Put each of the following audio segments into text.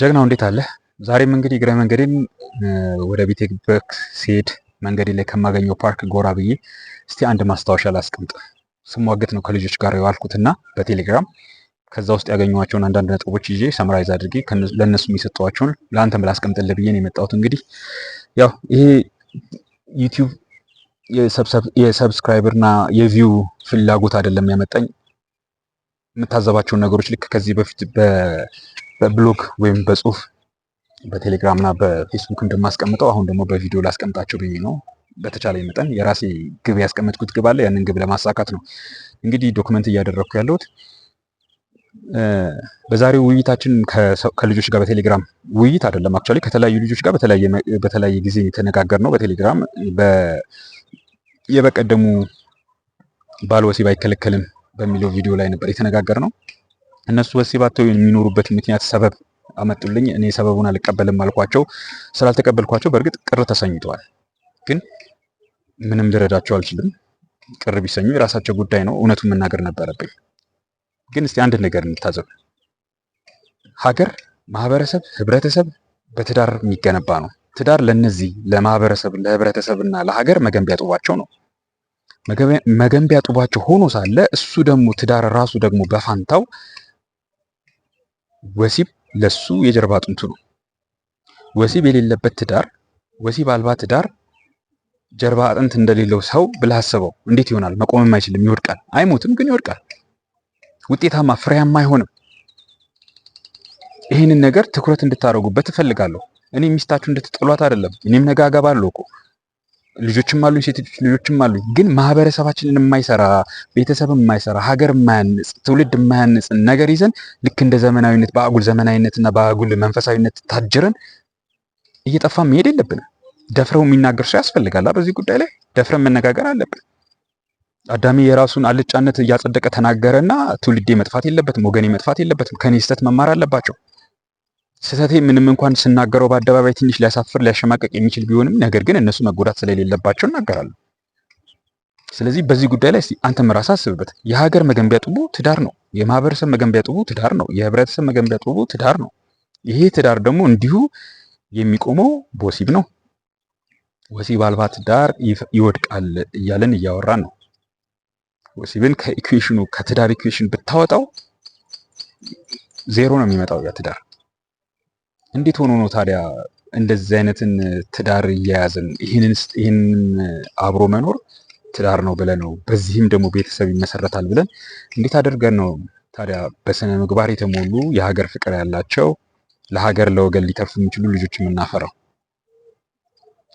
ጀግናው እንዴት አለ? ዛሬም እንግዲህ እግረ መንገዴን ወደ ቤቴ ሲሄድ መንገዴ ላይ ከማገኘው ፓርክ ጎራ ብዬ እስቲ አንድ ማስታወሻ ላስቀምጥ። ስሟገት ነው ከልጆች ጋር የዋልኩትና በቴሌግራም ከዛ ውስጥ ያገኘኋቸውን አንዳንድ ነጥቦች ይዤ ሰምራይዝ አድርጌ ለእነሱ የሚሰጠዋቸውን ለአንተም ላስቀምጥልህ ብዬ ነው የመጣሁት። እንግዲህ ያው ይሄ ዩቲዩብ የሰብስክራይበር እና የቪው ፍላጎት አይደለም ያመጣኝ የምታዘባቸውን ነገሮች ልክ ከዚህ በፊት በብሎግ ወይም በጽሁፍ በቴሌግራም እና በፌስቡክ እንደማስቀምጠው አሁን ደግሞ በቪዲዮ ላስቀምጣቸው ብዬ ነው። በተቻለ መጠን የራሴ ግብ ያስቀመጥኩት ግብ አለ። ያንን ግብ ለማሳካት ነው እንግዲህ ዶክመንት እያደረግኩ ያለሁት። በዛሬው ውይይታችን ከልጆች ጋር በቴሌግራም ውይይት አይደለም፣ አክቹዋሊ ከተለያዩ ልጆች ጋር በተለያየ ጊዜ የተነጋገር ነው በቴሌግራም የበቀደሙ ባል ወሲብ አይከለከልም በሚለው ቪዲዮ ላይ ነበር የተነጋገር ነው። እነሱ በሴባ ተው የሚኖሩበት ምክንያት ሰበብ አመጡልኝ። እኔ ሰበቡን አልቀበልም አልኳቸው። ስላልተቀበልኳቸው በእርግጥ ቅር ተሰኝተዋል፣ ግን ምንም ልረዳቸው አልችልም። ቅር ቢሰኙ የራሳቸው ጉዳይ ነው። እውነቱን መናገር ነበረብኝ። ግን እስቲ አንድ ነገር እንታዘብ። ሀገር፣ ማህበረሰብ፣ ህብረተሰብ በትዳር የሚገነባ ነው። ትዳር ለነዚህ ለማህበረሰብ ለህብረተሰብና ለሀገር መገንቢያ ጡባቸው ነው። መገንቢያ ጡባቸው ሆኖ ሳለ እሱ ደግሞ ትዳር ራሱ ደግሞ በፋንታው ወሲብ ለሱ የጀርባ አጥንቱ ነው። ወሲብ የሌለበት ትዳር፣ ወሲብ አልባ ትዳር ጀርባ አጥንት እንደሌለው ሰው ብለህ አስበው። እንዴት ይሆናል? መቆምም አይችልም፣ ይወድቃል። አይሞትም፣ ግን ይወድቃል። ውጤታማ ፍሬያማ አይሆንም። ይህንን ነገር ትኩረት እንድታደርጉበት እፈልጋለሁ። እኔ ሚስታችሁ እንድትጥሏት አይደለም። እኔም ነገ አገባለሁ እኮ ልጆችም አሉኝ፣ ሴቶች ልጆችም አሉኝ። ግን ማህበረሰባችንን የማይሰራ ቤተሰብ የማይሰራ ሀገር የማያንጽ ትውልድ የማያንጽ ነገር ይዘን ልክ እንደ ዘመናዊነት በአጉል ዘመናዊነትና በአጉል መንፈሳዊነት ታጅረን እየጠፋ መሄድ የለብንም። ደፍረው የሚናገር ሰው ያስፈልጋል። በዚህ ጉዳይ ላይ ደፍረን መነጋገር አለብን። አዳሚ የራሱን አልጫነት እያጸደቀ ተናገረና ትውልዴ መጥፋት የለበትም፣ ወገኔ መጥፋት የለበትም፣ ከኔ ስህተት መማር አለባቸው። ስህተቴ ምንም እንኳን ስናገረው በአደባባይ ትንሽ ሊያሳፍር ሊያሸማቀቅ የሚችል ቢሆንም ነገር ግን እነሱ መጎዳት ስለሌለባቸው እናገራለሁ። ስለዚህ በዚህ ጉዳይ ላይ አንተም ራስህ አስብበት። የሀገር መገንቢያ ጡቡ ትዳር ነው። የማህበረሰብ መገንቢያ ጡቡ ትዳር ነው። የህብረተሰብ መገንቢያ ጡቡ ትዳር ነው። ይሄ ትዳር ደግሞ እንዲሁ የሚቆመው በወሲብ ነው። ወሲብ አልባ ትዳር ይወድቃል እያለን እያወራን ነው። ወሲብን ከኢኩዌሽኑ ከትዳር ኢኩዌሽን ብታወጣው ዜሮ ነው የሚመጣው ያ ትዳር። እንዴት ሆኖ ነው ታዲያ እንደዚህ አይነትን ትዳር እየያዝን ይህንን አብሮ መኖር ትዳር ነው ብለን ነው በዚህም ደግሞ ቤተሰብ ይመሰረታል ብለን እንዴት አድርገን ነው ታዲያ በስነ ምግባር የተሞሉ የሀገር ፍቅር ያላቸው ለሀገር ለወገን ሊተርፉ የሚችሉ ልጆች የምናፈራው?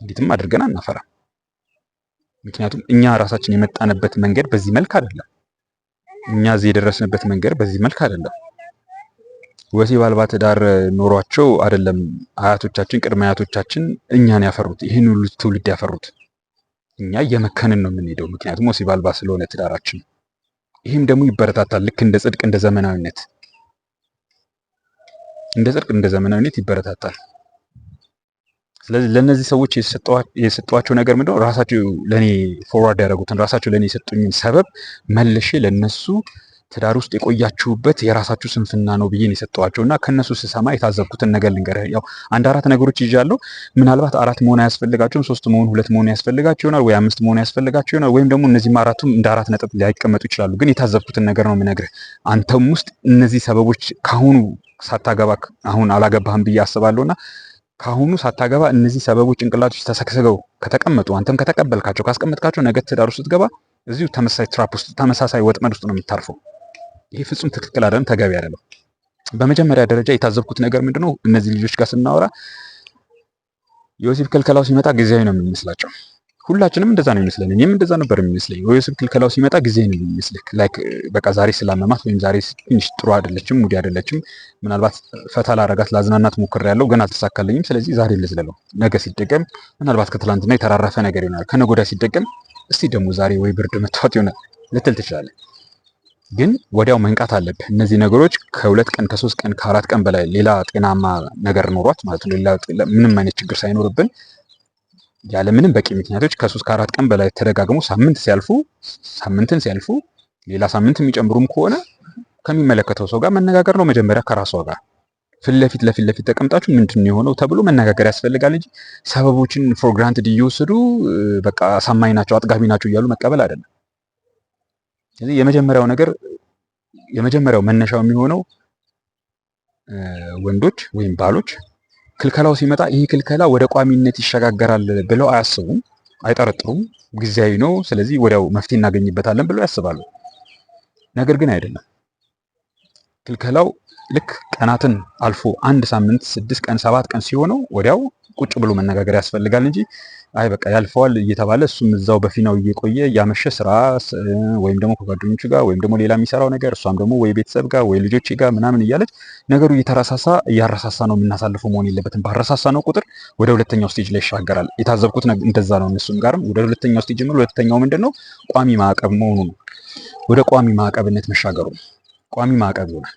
እንዴትም አድርገን አናፈራም። ምክንያቱም እኛ ራሳችን የመጣንበት መንገድ በዚህ መልክ አይደለም። እኛ እዚህ የደረስንበት መንገድ በዚህ መልክ አይደለም። ወሲብ አልባ ትዳር ኖሯቸው አይደለም አያቶቻችን ቅድመ አያቶቻችን እኛን ያፈሩት ይህን ሁሉ ትውልድ ያፈሩት። እኛ እየመከንን ነው የምንሄደው፣ ምክንያቱም ወሲብ አልባ ስለሆነ ትዳራችን። ይህም ደግሞ ይበረታታል፣ ልክ እንደ ጽድቅ እንደ ዘመናዊነት እንደ ጽድቅ እንደ ዘመናዊነት ይበረታታል። ስለዚህ ለእነዚህ ሰዎች የሰጠዋቸው ነገር ምንድነው? ራሳቸው ለእኔ ፎርዋርድ ያደረጉትን ራሳቸው ለእኔ የሰጡኝን ሰበብ መልሼ ለእነሱ ትዳር ውስጥ የቆያችሁበት የራሳችሁ ስንፍና ነው ብዬን የሰጠዋቸው እና ከእነሱ ስሰማ የታዘብኩትን ነገር ልንገር። ያው አንድ አራት ነገሮች ይዣለሁ። ምናልባት አራት መሆን አያስፈልጋቸውም። ሶስት መሆን፣ ሁለት መሆን ያስፈልጋቸው ይሆናል ወይ አምስት መሆን ያስፈልጋቸው ይሆናል ወይም ደግሞ እነዚህም አራቱም እንደ አራት ነጥብ ሊያይቀመጡ ይችላሉ። ግን የታዘብኩትን ነገር ነው የምነግርህ። አንተም ውስጥ እነዚህ ሰበቦች ካሁኑ ሳታገባ አሁን አላገባህም ብዬ አስባለሁ አስባለሁና ካሁኑ ሳታገባ እነዚህ ሰበቦች ጭንቅላቶች ተሰክስገው ከተቀመጡ አንተም ከተቀበልካቸው ካስቀመጥካቸው ነገ ትዳር ውስጥ ስትገባ እዚሁ ተመሳሳይ ትራፕ ውስጥ ተመሳሳይ ወጥመድ ውስጥ ነው የምታርፈው። ይሄ ፍጹም ትክክል አይደለም፣ ተገቢ አይደለም። በመጀመሪያ ደረጃ የታዘብኩት ነገር ምንድነው፣ እነዚህ ልጆች ጋር ስናወራ የወሲብ ክልከላው ሲመጣ ጊዜያዊ ነው የሚመስላቸው። ሁላችንም እንደዛ ነው የሚመስለን። እኔም እንደዛ ነበር የሚመስለኝ። የወሲብ ክልከላው ሲመጣ ጊዜያዊ ነው የሚመስልህ። ላይክ በቃ ዛሬ ስላመማት ወይም ዛሬ ትንሽ ጥሩ አይደለችም፣ ሙዲ አይደለችም፣ ምናልባት ፈታ ላረጋት ላዝናናት ሞክር ያለው ግን አልተሳካልኝም። ስለዚህ ዛሬ ልዝለለው፣ ነገ ሲደገም ምናልባት ከትላንትና የተራረፈ ነገር ይሆናል፣ ከነገ ወዲያ ሲደገም እስቲ ደግሞ ዛሬ ወይ ብርድ መቷት ይሆናል ልትል ትችላለህ። ግን ወዲያው መንቃት አለብህ። እነዚህ ነገሮች ከሁለት ቀን ከሶስት ቀን ከአራት ቀን በላይ ሌላ ጤናማ ነገር ኖሯት ማለት ነው ሌላ ምንም አይነት ችግር ሳይኖርብን ያለምንም በቂ ምክንያቶች ከሶስት ከአራት ቀን በላይ ተደጋግሞ ሳምንት ሲያልፉ ሳምንትን ሲያልፉ ሌላ ሳምንት የሚጨምሩም ከሆነ ከሚመለከተው ሰው ጋር መነጋገር ነው መጀመሪያ ከራሷ ጋር ፊት ለፊት ለፊት ለፊት ተቀምጣችሁ ምንድን ነው የሆነው ተብሎ መነጋገር ያስፈልጋል እንጂ ሰበቦችን ፎር ግራንትድ እየወሰዱ በቃ አሳማኝ ናቸው አጥጋቢ ናቸው እያሉ መቀበል አይደለም። ስለዚህ የመጀመሪያው ነገር የመጀመሪያው መነሻው የሚሆነው ወንዶች ወይም ባሎች ክልከላው ሲመጣ ይህ ክልከላ ወደ ቋሚነት ይሸጋገራል ብለው አያስቡም፣ አይጠረጥሩም። ጊዜያዊ ነው፣ ስለዚህ ወዲያው መፍትሄ እናገኝበታለን ብለው ያስባሉ። ነገር ግን አይደለም። ክልከላው ልክ ቀናትን አልፎ አንድ ሳምንት፣ ስድስት ቀን፣ ሰባት ቀን ሲሆነው ወዲያው ቁጭ ብሎ መነጋገር ያስፈልጋል እንጂ አይ በቃ ያልፈዋል እየተባለ እሱም እዛው በፊናው እየቆየ እያመሸ ስራ ወይም ደግሞ ከጓደኞቹ ጋር ወይም ደግሞ ሌላ የሚሰራው ነገር እሷም ደግሞ ወይ ቤተሰብ ጋር ወይ ልጆች ጋር ምናምን እያለች ነገሩ እየተረሳሳ እያረሳሳ ነው የምናሳልፈው መሆን የለበትም። ባረሳሳ ነው ቁጥር ወደ ሁለተኛው ስቴጅ ላይ ይሻገራል። የታዘብኩት እንደዛ ነው። እነሱም ጋርም ወደ ሁለተኛው ስቴጅ ምል ሁለተኛው ምንድን ነው ቋሚ ማዕቀብ መሆኑ ነው። ወደ ቋሚ ማዕቀብነት መሻገሩ ነው። ቋሚ ማዕቀብ ይሆናል።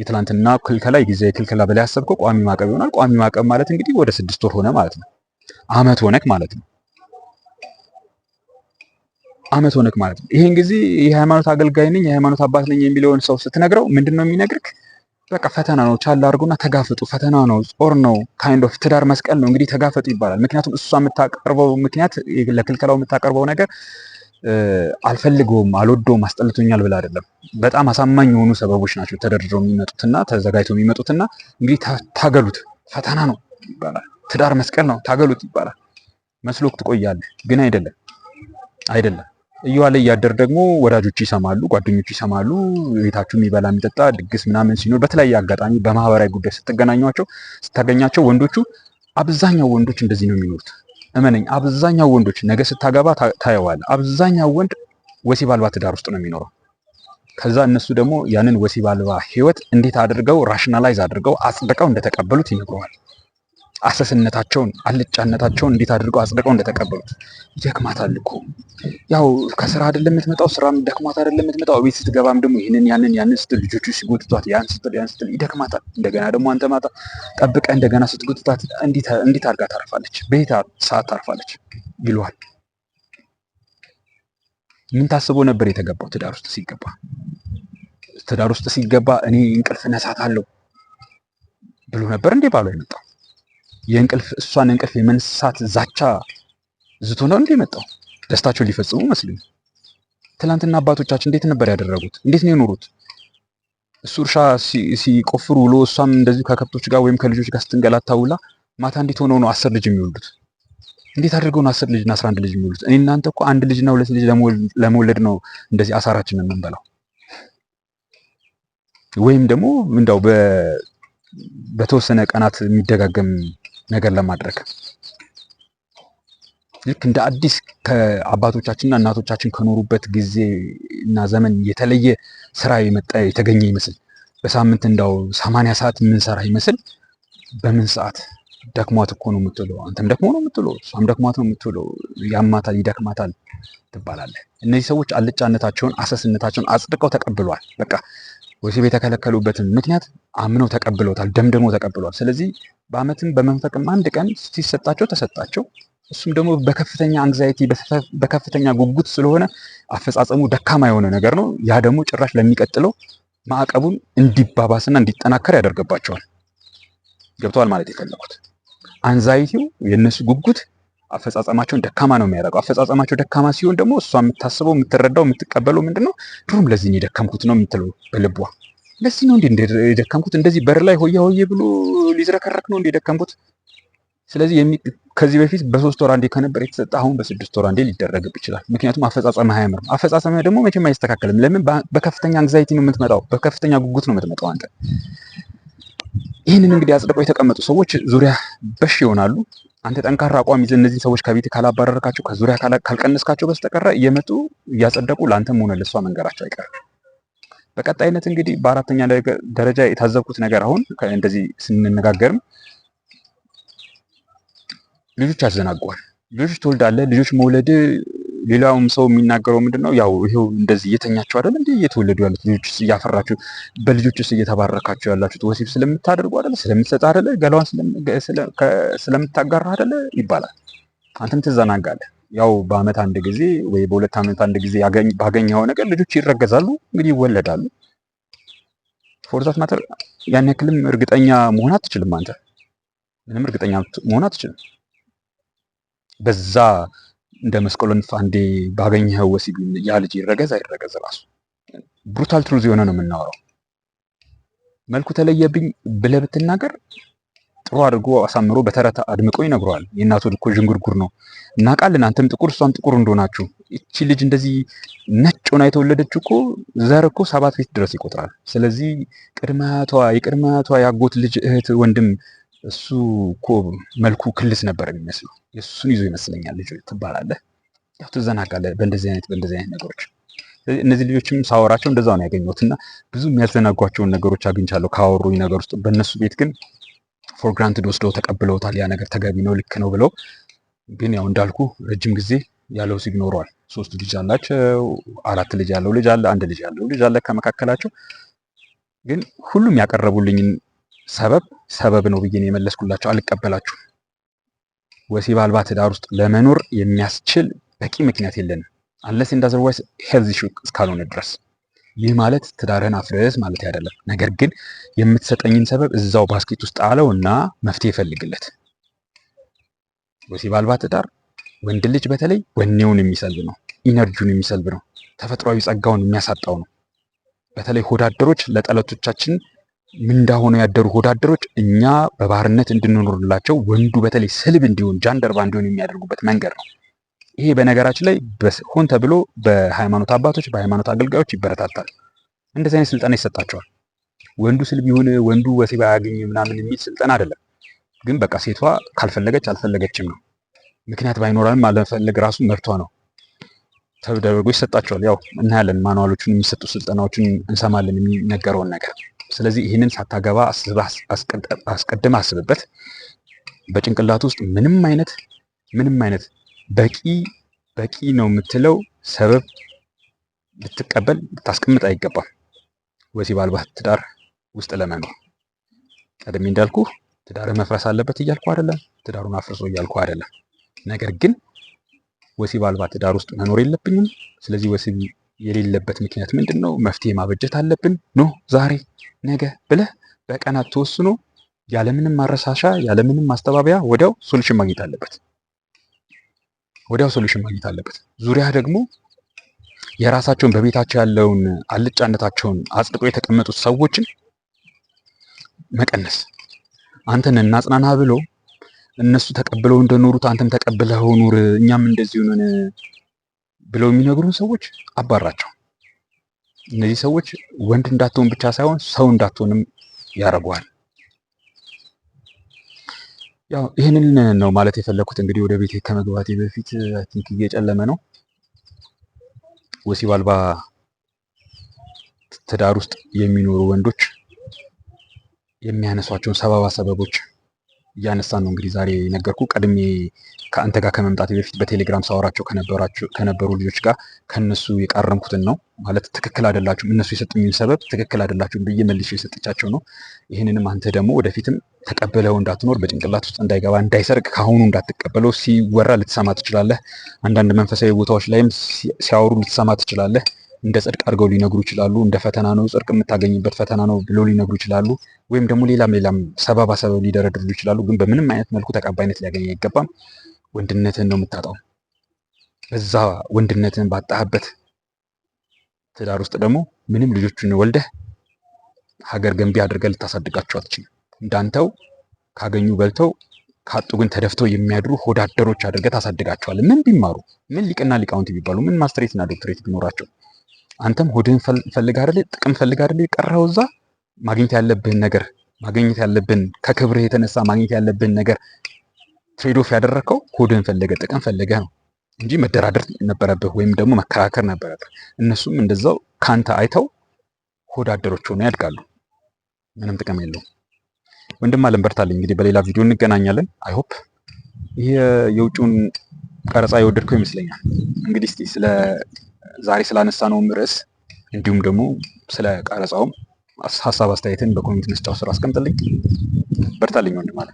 የትላንትና ክልከላ የጊዜ ክልከላ በላይ ያሰብከው ቋሚ ማዕቀብ ይሆናል። ቋሚ ማዕቀብ ማለት እንግዲህ ወደ ስድስት ወር ሆነ ማለት ነው። አመት ሆነክ ማለት ነው። አመት ሆነክ ማለት ነው። ይሄን ጊዜ የሃይማኖት አገልጋይ ነኝ የሃይማኖት አባት ነኝ የሚለውን ሰው ስትነግረው ምንድን ነው የሚነግርክ? በቃ ፈተና ነው፣ ቻል አድርጉና ተጋፈጡ። ፈተና ነው፣ ጾር ነው፣ ካይንድ ኦፍ ትዳር መስቀል ነው። እንግዲህ ተጋፈጡ ይባላል። ምክንያቱም እሷ የምታቀርበው ምክንያት ለክልከላው የምታቀርበው ነገር አልፈልገውም፣ አልወደውም፣ አስጠልቶኛል ብላ አይደለም። በጣም አሳማኝ የሆኑ ሰበቦች ናቸው ተደርድረው የሚመጡትና ተዘጋጅተው የሚመጡትና እንግዲህ ታገሉት፣ ፈተና ነው ይባላል። ትዳር መስቀል ነው፣ ታገሉት ይባላል። መስሎክ ትቆያለህ፣ ግን አይደለም አይደለም። እየዋለ እያደር ደግሞ ወዳጆቹ ይሰማሉ፣ ጓደኞቹ ይሰማሉ። ቤታችሁ የሚበላ የሚጠጣ ድግስ ምናምን ሲኖር በተለያየ አጋጣሚ በማህበራዊ ጉዳይ ስትገናኟቸው ስታገኛቸው ወንዶቹ አብዛኛው ወንዶች እንደዚህ ነው የሚኖሩት። እመነኝ፣ አብዛኛው ወንዶች ነገ ስታገባ ታየዋለ። አብዛኛው ወንድ ወሲብ አልባ ትዳር ውስጥ ነው የሚኖረው። ከዛ እነሱ ደግሞ ያንን ወሲብ አልባ ህይወት እንዴት አድርገው ራሽናላይዝ አድርገው አጽድቀው እንደተቀበሉት ይነግረዋል። አሰስነታቸውን አልጫነታቸውን እንዴት አድርገው አጽድቀው እንደተቀበሉት። ይደክማታል እኮ ያው ከስራ አይደለም የምትመጣው፣ ስራም ደክማት አይደለም የምትመጣው። ቤት ስትገባም ደግሞ ይህንን ያንን ያንን ስትል ልጆቹ ሲጎትቷት ያን ስትል ያን ስትል ይደክማታል። እንደገና ደግሞ አንተ ማታ ጠብቀ እንደገና ስትጎትቷት እንዴት አድርጋ ታርፋለች? ቤት ሰዓት ታርፋለች ይሏል። ምን ታስቦ ነበር የተገባው? ትዳር ውስጥ ሲገባ ትዳር ውስጥ ሲገባ እኔ እንቅልፍ ነሳት አለው ብሎ ነበር እንዴ ባሉ የመጣው? የእንቅልፍ እሷን እንቅልፍ የመንሳት ዛቻ ዝቶ ነው እንደ መጣው ደስታቸው ሊፈጽሙ መስልኝ። ትናንትና አባቶቻችን እንዴት ነበር ያደረጉት? እንዴት ነው የኖሩት? እሱ እርሻ ሲቆፍሩ ውሎ እሷም እንደዚሁ ከከብቶች ጋር ወይም ከልጆች ጋር ስትንገላታ ውላ ማታ እንዴት ሆነው ነው አስር ልጅ የሚወልዱት? እንዴት አድርገው ነው አስር ልጅና አስራ አንድ ልጅ የሚወልዱት? እኔ እናንተ እኮ አንድ ልጅና ሁለት ልጅ ለመውለድ ነው እንደዚህ አሳራችን የምንበላው። ወይም ደግሞ እንዳው በተወሰነ ቀናት የሚደጋገም ነገር ለማድረግ ልክ እንደ አዲስ ከአባቶቻችንና እናቶቻችን ከኖሩበት ጊዜ እና ዘመን የተለየ ስራ የመጣ የተገኘ ይመስል በሳምንት እንዳው ሰማንያ ሰዓት የምንሰራ ይመስል በምን ሰዓት ደክሟት እኮ ነው የምትውለው፣ አንተም ደክሞ ነው የምትውለው፣ እሷም ደክሟት ነው የምትውለው፣ ያማታል፣ ይደክማታል ትባላለህ። እነዚህ ሰዎች አልጫነታቸውን፣ አሰስነታቸውን አጽድቀው ተቀብለዋል። በቃ ወሲብ የተከለከሉበትን ምክንያት አምነው ተቀብለውታል፣ ደምደመው ተቀብለዋል። ስለዚህ በአመትም በመንፈቅም አንድ ቀን ሲሰጣቸው ተሰጣቸው። እሱም ደግሞ በከፍተኛ አንግዛይቲ በከፍተኛ ጉጉት ስለሆነ አፈጻጸሙ ደካማ የሆነ ነገር ነው። ያ ደግሞ ጭራሽ ለሚቀጥለው ማዕቀቡን እንዲባባስና እንዲጠናከር ያደርገባቸዋል። ገብተዋል ማለት የፈለጉት አንዛይቲው የእነሱ ጉጉት አፈጻጸማቸውን ደካማ ነው የሚያደርገው። አፈጻጸማቸው ደካማ ሲሆን ደግሞ እሷ የምታስበው የምትረዳው የምትቀበለው ምንድን ነው? ድሮም ለዚህ ነው የደከምኩት ነው የምትለው በልቧ። ለዚህ ነው እንዴ የደከምኩት እንደዚህ በር ላይ ሆየ ሆየ ብሎ ሊዝረከረክ ነው እንዴ የደከምኩት? ስለዚህ ከዚህ በፊት በሶስት ወር አንዴ ከነበር የተሰጠ አሁን በስድስት ወር አንዴ ሊደረግብ ይችላል። ምክንያቱም አፈጻጸም አያምርም። አፈጻጸመ ደግሞ መቼም አይስተካከልም። ለምን? በከፍተኛ አንግዛይቲ ነው የምትመጣው፣ በከፍተኛ ጉጉት ነው የምትመጣው አንተ። ይህንን እንግዲህ አጽድቀው የተቀመጡ ሰዎች ዙሪያ በሽ ይሆናሉ። አንተ ጠንካራ አቋም ይዘህ እነዚህን ሰዎች ከቤት ካላባረርካቸው ከዙሪያ ካልቀነስካቸው በስተቀረ እየመጡ እያጸደቁ ለአንተም ሆነ ለእሷ መንገራቸው አይቀርም። በቀጣይነት እንግዲህ በአራተኛ ደረጃ የታዘብኩት ነገር አሁን እንደዚህ ስንነጋገርም ልጆች አዘናጓል። ልጆች ትወልዳለህ፣ ልጆች መውለድ ሌላውም ሰው የሚናገረው ምንድን ነው? ያው ይሄው እንደዚህ እየተኛችሁ አይደል እንዲ እየተወለዱ ያሉት ልጆች እያፈራችሁ በልጆች ውስጥ እየተባረካችሁ ያላችሁት ወሲብ ስለምታደርጉ አይደለ ስለምትሰጥ አይደለ ገላዋን ስለምታጋራ አይደለ ይባላል። አንተም ትዘናጋለህ። ያው በአመት አንድ ጊዜ ወይ በሁለት አመት አንድ ጊዜ ባገኘኸው ነገር ልጆች ይረገዛሉ፣ እንግዲህ ይወለዳሉ። ፎርዛት ማተር ያን ያክልም እርግጠኛ መሆን አትችልም። አንተ ምንም እርግጠኛ መሆን አትችልም በዛ እንደ መስቀሎን ንፍ አንዴ ባገኘኸው ወሲብ ያ ልጅ ይረገዝ አይረገዝ ራሱ ብሩታል ትሩዝ የሆነ ነው የምናወራው። መልኩ ተለየብኝ ብለህ ብትናገር ጥሩ አድርጎ አሳምሮ በተረታ አድምቆ ይነግረዋል። የእናቱ እኮ ዥንጉርጉር ነው እናውቃለን። አንተም ጥቁር እሷም ጥቁር እንደሆናችሁ እቺ ልጅ እንደዚህ ነጭ ሆና የተወለደች እኮ ዘር እኮ ሰባት ቤት ድረስ ይቆጥራል። ስለዚህ ቅድመ አያቷ የቅድመ አያቷ ያጎት ልጅ እህት ወንድም እሱ እኮ መልኩ ክልስ ነበር የሚመስለው። የእሱን ይዞ ይመስለኛል ልጅ ትባላለህ። ያው ትዘናጋለህ በእንደዚህ አይነት በእንደዚህ አይነት ነገሮች። እነዚህ ልጆችም ሳወራቸው እንደዛ ነው ያገኘሁት እና ብዙ ያልተናጓቸውን ነገሮች አግኝቻለሁ ካወሩኝ ነገር ውስጥ። በእነሱ ቤት ግን ፎር ግራንትድ ወስደው ተቀብለውታል። ያ ነገር ተገቢ ነው፣ ልክ ነው ብለው ግን ያው እንዳልኩ ረጅም ጊዜ ያለው ሲኖረዋል። ሶስት ልጅ አላቸው፣ አራት ልጅ ያለው ልጅ አለ፣ አንድ ልጅ ያለው ልጅ አለ ከመካከላቸው ግን ሁሉም ያቀረቡልኝን ሰበብ ሰበብ ነው ብዬ ነው የመለስኩላቸው። አልቀበላችሁም። ወሲብ አልባ ትዳር ውስጥ ለመኖር የሚያስችል በቂ ምክንያት የለንም አንለስ ኢን ሄልዝ ሹ እስካልሆነ ድረስ። ይህ ማለት ትዳርህን አፍርስ ማለት አይደለም። ነገር ግን የምትሰጠኝን ሰበብ እዛው ባስኬት ውስጥ አለው እና መፍትሄ ይፈልግለት። ወሲብ አልባ ትዳር ወንድ ልጅ በተለይ ወኔውን የሚሰልብ ነው፣ ኢነርጂውን የሚሰልብ ነው፣ ተፈጥሯዊ ጸጋውን የሚያሳጣው ነው። በተለይ ሆዳደሮች ለጠለቶቻችን ምንዳ ሆነው ያደሩ ሆዳደሮች እኛ በባርነት እንድንኖርላቸው ወንዱ በተለይ ስልብ እንዲሆን ጃንደረባ እንዲሆን የሚያደርጉበት መንገድ ነው። ይሄ በነገራችን ላይ ሆን ተብሎ በሃይማኖት አባቶች በሃይማኖት አገልጋዮች ይበረታታል። እንደዚህ አይነት ስልጠና ይሰጣቸዋል። ወንዱ ስልብ ይሁን ወንዱ ወሲብ አያገኝ ምናምን የሚል ስልጠና አይደለም። ግን በቃ ሴቷ ካልፈለገች አልፈለገችም ነው። ምክንያት ባይኖራልም አለመፈለግ ራሱ መብቷ ነው ተደረጎ ይሰጣቸዋል። ያው እናያለን ማኑዋሎቹን የሚሰጡ ስልጠናዎችን እንሰማለን የሚነገረውን ነገር ስለዚህ ይህንን ሳታገባ አስቀድመ አስብበት። በጭንቅላት ውስጥ ምንም አይነት ምንም አይነት በቂ በቂ ነው የምትለው ሰበብ ልትቀበል ልታስቀምጥ አይገባም። ወሲብ አልባ ትዳር ውስጥ ለመኖር ቀድሜ እንዳልኩ ትዳር መፍረስ አለበት እያልኩ አይደለም። ትዳሩን አፍርሶ እያልኩ አይደለም። ነገር ግን ወሲብ አልባ ትዳር ውስጥ መኖር የለብኝም። ስለዚህ ወሲብ የሌለበት ምክንያት ምንድን ነው? መፍትሄ ማበጀት አለብን። ኖ ዛሬ ነገ ብለህ በቀናት ተወስኖ ያለምንም ማረሳሻ ያለምንም ማስተባበያ ወዲያው ሶሉሽን ማግኘት አለበት። ወዲያው ሶሉሽን ማግኘት አለበት። ዙሪያ ደግሞ የራሳቸውን በቤታቸው ያለውን አልጫነታቸውን አጽድቆ የተቀመጡት ሰዎችን መቀነስ አንተን እናጽናና ብሎ እነሱ ተቀብለው እንደኖሩት አንተም ተቀብለው ኑር፣ እኛም እንደዚህ ነን ብለው የሚነግሩን ሰዎች አባራቸው። እነዚህ ሰዎች ወንድ እንዳትሆን ብቻ ሳይሆን ሰው እንዳትሆንም ያደርገዋል። ያው ይህንን ነው ማለት የፈለኩት። እንግዲህ ወደ ቤቴ ከመግባቴ በፊት አይ ቲንክ እየጨለመ ነው። ወሲብ አልባ ትዳር ውስጥ የሚኖሩ ወንዶች የሚያነሷቸውን ሰባባ ሰበቦች እያነሳን ነው። እንግዲህ ዛሬ ነገርኩ ቀድሜ ከአንተ ጋር ከመምጣት በፊት በቴሌግራም ሳወራቸው ከነበሩ ልጆች ጋር ከነሱ የቃረምኩትን ነው። ማለት ትክክል አይደላችሁም፣ እነሱ የሰጡኝን ሰበብ ትክክል አይደላችሁም ብዬ መልሼ የሰጥቻቸው ነው። ይህንንም አንተ ደግሞ ወደፊትም ተቀበለው እንዳትኖር፣ በጭንቅላት ውስጥ እንዳይገባ፣ እንዳይሰርቅ፣ ከአሁኑ እንዳትቀበለው። ሲወራ ልትሰማ ትችላለህ። አንዳንድ መንፈሳዊ ቦታዎች ላይም ሲያወሩ ልትሰማ ትችላለህ። እንደ ጽድቅ አድርገው ሊነግሩ ይችላሉ። እንደ ፈተና ነው፣ ጽድቅ የምታገኝበት ፈተና ነው ብሎ ሊነግሩ ይችላሉ። ወይም ደግሞ ሌላም ሌላም ሰበባ ሰበብ ሊደረድሩ ይችላሉ። ግን በምንም አይነት መልኩ ተቀባይነት ሊያገኝ አይገባም። ወንድነትን ነው የምታጣው። እዛ ወንድነትን ባጣህበት ትዳር ውስጥ ደግሞ ምንም ልጆቹን ወልደህ ሀገር ገንቢ አድርገህ ልታሳድጋቸው አትችልም። እንዳንተው ካገኙ በልተው ካጡ ግን ተደፍተው የሚያድሩ ሆዳደሮች አድርገህ ታሳድጋቸዋለህ። ምን ቢማሩ ምን ሊቅና ሊቃውንት ቢባሉ ምን ማስትሬትና ዶክትሬት ቢኖራቸው አንተም ሆድህን ፈልግ አይደል ጥቅም ፈልግ አይደል የቀረኸው እዛ ማግኘት ያለብህን ነገር ማግኘት ያለብን ከክብርህ የተነሳ ማግኘት ያለብን ነገር ትሬድ ኦፍ ያደረግከው ሆድህን ፈለገ ጥቅም ፈለገ ነው እንጂ መደራደር ነበረብህ ወይም ደግሞ መከራከር ነበረብህ። እነሱም እንደዛው ካንተ አይተው ሆዳደሮች ሆነው ያድጋሉ። ምንም ጥቅም የለውም። ወንድም አለም በርታለኝ። እንግዲህ በሌላ ቪዲዮ እንገናኛለን። አይ ሆፕ ይህ የውጭውን ቀረጻ የወደድከው ይመስለኛል። እንግዲህ ስለ ዛሬ ስላነሳ ነውም ርዕስ እንዲሁም ደግሞ ስለ ቀረጻውም ሀሳብ አስተያየትን በኮሚኒቲ መስጫው ስራ አስቀምጥልኝ። በርታልኝ ወንድም አለ